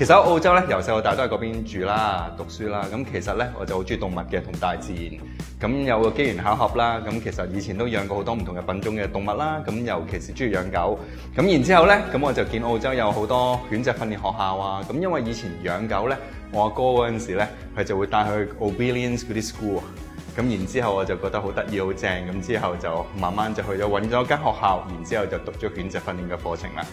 其實喺澳洲咧，由細到大都喺嗰邊住啦、讀書啦。咁其實咧，我就好中意動物嘅同大自然。咁有個機緣巧合啦。咁其實以前都養過好多唔同嘅品種嘅動物啦。咁尤其是中意養狗。咁然之後咧，咁我就見澳洲有好多犬隻訓練學校啊。咁因為以前養狗咧，我阿哥嗰陣時咧，佢就會帶佢去 Obedience Goodie School。咁然之後我就覺得好得意、好正。咁之後就慢慢就去咗揾咗間學校，然之後就讀咗犬隻訓練嘅課程啦。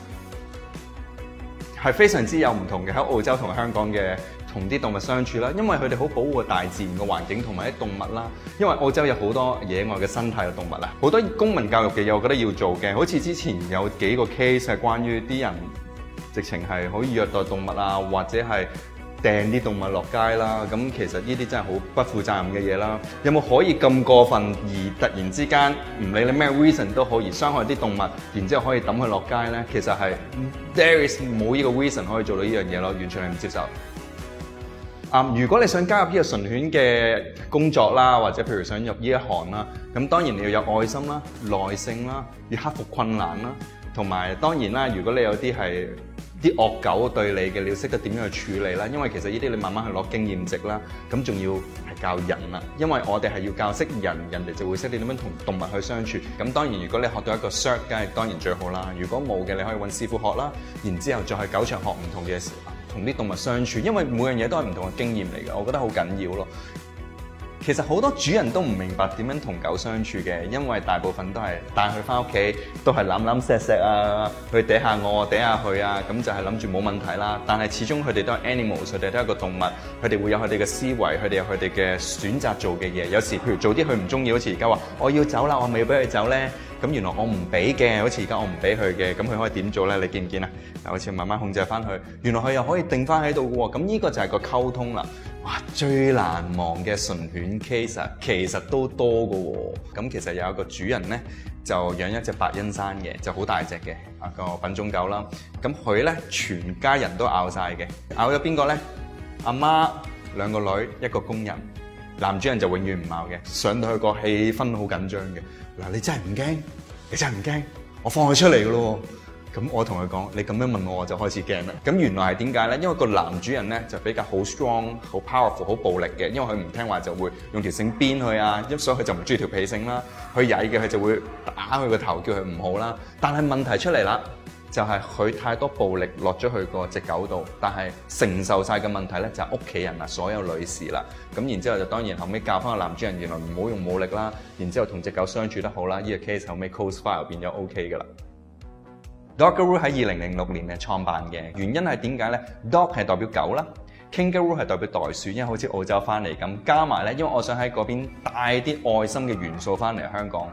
係非常之有唔同嘅喺澳洲同香港嘅同啲動物相處啦，因為佢哋好保護大自然嘅環境同埋啲動物啦。因為澳洲有好多野外嘅生態嘅動物啊，好多公民教育嘅嘢，我覺得要做嘅。好似之前有幾個 case 係關於啲人直情係可以虐待動物啊，或者係。掟啲動物落街啦，咁其實呢啲真係好不負責任嘅嘢啦。有冇可以咁過分而突然之間唔理你咩 reason 都好，而傷害啲動物，然之後可以抌佢落街咧？其實係 there is 冇呢個 reason 可以做到呢樣嘢咯，完全係唔接受。啊、嗯，如果你想加入呢個純犬嘅工作啦，或者譬如想入呢一行啦，咁當然你要有愛心啦、耐性啦、要克服困難啦，同埋當然啦，如果你有啲係。啲惡狗對你嘅，你要識得點樣去處理啦。因為其實呢啲你慢慢去攞經驗值啦，咁仲要係教人啦。因為我哋係要教識人，人哋就會識你點樣同動物去相處。咁當然如果你學到一個 search 梗係當然最好啦。如果冇嘅，你可以揾師傅學啦。然之後再去狗場學唔同嘅事，同啲動物相處。因為每樣嘢都係唔同嘅經驗嚟嘅，我覺得好緊要咯。其實好多主人都唔明白點樣同狗相處嘅，因為大部分都係帶佢翻屋企，都係攬攬錫錫啊，去嗲下我，我嗲下佢啊，咁就係諗住冇問題啦。但係始終佢哋都係 animals，佢哋都係個動物，佢哋會有佢哋嘅思維，佢哋有佢哋嘅選擇做嘅嘢。有時譬如做啲佢唔中意，好似而家話「我要走啦，我咪要俾佢走呢」咁原來我唔俾嘅，好似而家我唔俾佢嘅，咁佢可以點做呢？你見唔見啊？好似慢慢控制翻佢，原來佢又可以定翻喺度喎。咁呢個就係個溝通啦。最難忘嘅純犬 case 啊，其實都多嘅喎、哦。咁其實有一個主人咧，就養一隻白欣山嘅，就好大隻嘅啊，個品種狗啦。咁佢咧全家人都咬晒嘅，咬咗邊個咧？阿媽，媽兩個女一個工人，男主人就永遠唔咬嘅。上到去個氣氛好緊張嘅嗱，你真係唔驚，你真係唔驚，我放佢出嚟嘅咯。咁我同佢講，你咁樣問我，我就開始驚啦。咁原來係點解呢？因為個男主人呢，就比較好 strong、好 powerful、好暴力嘅，因為佢唔聽話就會用條繩鞭佢啊，一所以佢就唔中意條皮繩啦。佢曳嘅佢就會打佢個頭，叫佢唔好啦。但係問題出嚟啦，就係佢太多暴力落咗去個隻狗度，但係承受晒嘅問題呢，就係屋企人啊，所有女士啦。咁然之後就當然後尾教返個男主人，原來唔好用武力啦。然之後同隻狗相處得好啦。呢個 case 後尾 close file 變咗 OK 噶啦。Dogaroo 喺二零零六年咧創辦嘅，原因係點解呢？Dog 係代表狗啦，Kangaroo 係代表袋鼠，因為好似澳洲翻嚟咁，加埋呢，因為我想喺嗰邊帶啲愛心嘅元素翻嚟香港。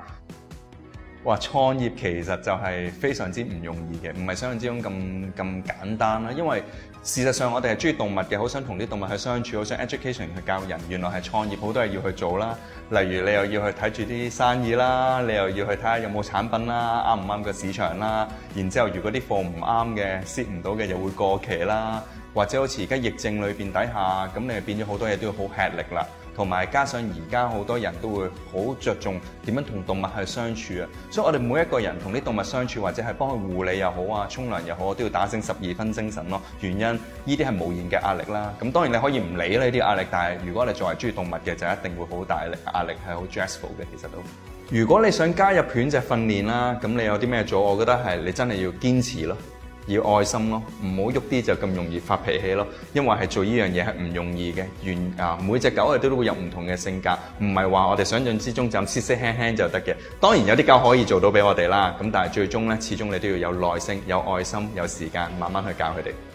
話創業其實就係非常之唔容易嘅，唔係想象之中咁咁簡單啦。因為事實上我哋係中意動物嘅，好想同啲動物去相處，好想 education 去教人。原來係創業好多嘢要去做啦。例如你又要去睇住啲生意啦，你又要去睇下有冇產品啦，啱唔啱個市場啦。然之後如果啲貨唔啱嘅，set 唔到嘅又會過期啦。或者好似而家疫症裏邊底下，咁你就變咗好多嘢都要好吃力啦。同埋加上而家好多人都會好着重點樣同動物去相處啊，所以我哋每一個人同啲動物相處或者係幫佢護理又好啊，沖涼又好，都要打醒十二分精神咯。原因呢啲係無形嘅壓力啦。咁當然你可以唔理呢啲壓力，但係如果你作為中意動物嘅，就一定會好大力壓力，係好 stressful 嘅。其實都如果你想加入犬隻訓練啦，咁你有啲咩做？我覺得係你真係要堅持咯。要愛心咯，唔好喐啲就咁容易發脾氣咯，因為係做呢樣嘢係唔容易嘅，原啊每隻狗佢都都會有唔同嘅性格，唔係話我哋想像之中就咁輕輕輕就得嘅，當然有啲狗可以做到俾我哋啦，咁但係最終呢，始終你都要有耐性、有愛心、有時間，慢慢去教佢哋。